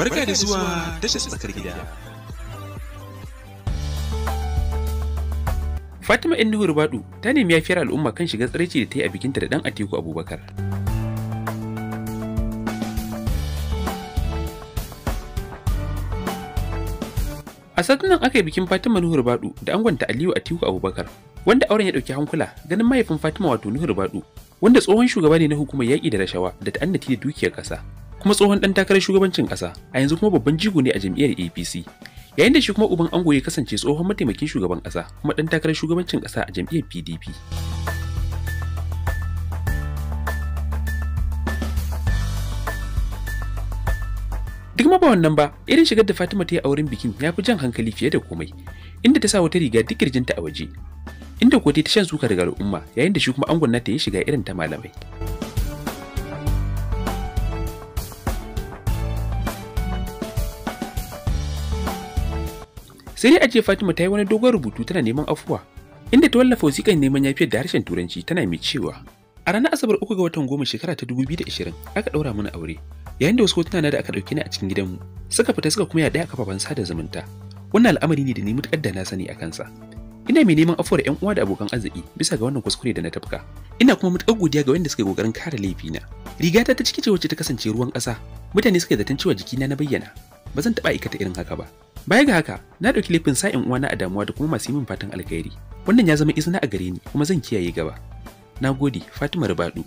Barka da zuwa tashar tsakar gida. Fatima ‘yan Nuhur Badu ta nemi yafiyar al'umma kan shiga tsiraici da ta yi a bikinta da ɗan Atiku Abubakar. A satunan aka yi bikin Fatima Nuhur Badu da angonta Aliyu Atiku Abubakar, wanda auren ya ɗauki hankula ganin mahaifin Fatima wato nuhu Badu, wanda tsohon shugaba ne na hukumar yaƙi da rashawa da ta'annati da dukiyar ƙasa. kuma tsohon dan takarar shugabancin ƙasa a yanzu kuma babban jigo ne a jam'iyyar APC yayin da shi kuma uban ango ya kasance tsohon mataimakin shugaban ƙasa kuma dan takarar shugabancin ƙasa a jam'iyyar PDP. duk ma ba wannan ba irin shigar da Fatima ta yi a wurin bikin ya fi jan hankali fiye da komai inda ta sa wata riga duk kirjinta a waje inda ko ta shan suka daga al'umma yayin da shi kuma angon nata ya shiga irin ta malamai. sai dai a jiya fatima ta yi wani dogon rubutu tana neman afuwa inda ta wallafa wasiƙar neman yafiyar da harshen turanci tana mai cewa a ranar asabar uku ga watan goma shekara ta dubu da ashirin aka ɗaura mana aure yayin da wasu hotuna na da aka ɗauke ni a cikin gidanmu suka fita suka kuma yaɗa a kafafen sada zumunta wannan al'amari ne da ni matuƙar da na sani a kansa ina mai neman afuwar 'yan uwa da abokan arziki bisa ga wannan kuskure da na tafka ina kuma matuƙar godiya ga wanda suka yi kokarin kare laifina rigata ta cike ce wacce ta kasance ruwan ƙasa mutane suka zaton cewa jikina na bayyana ba zan taɓa aikata irin haka ba Baya ga haka, na ɗauki laifin sa ‘yan uwana a damuwa da kuma masu yi min fatan alkhairi. Wannan ya zama izina a gare ni kuma zan kiyaye gaba. Na gode, Fatima Rubadu.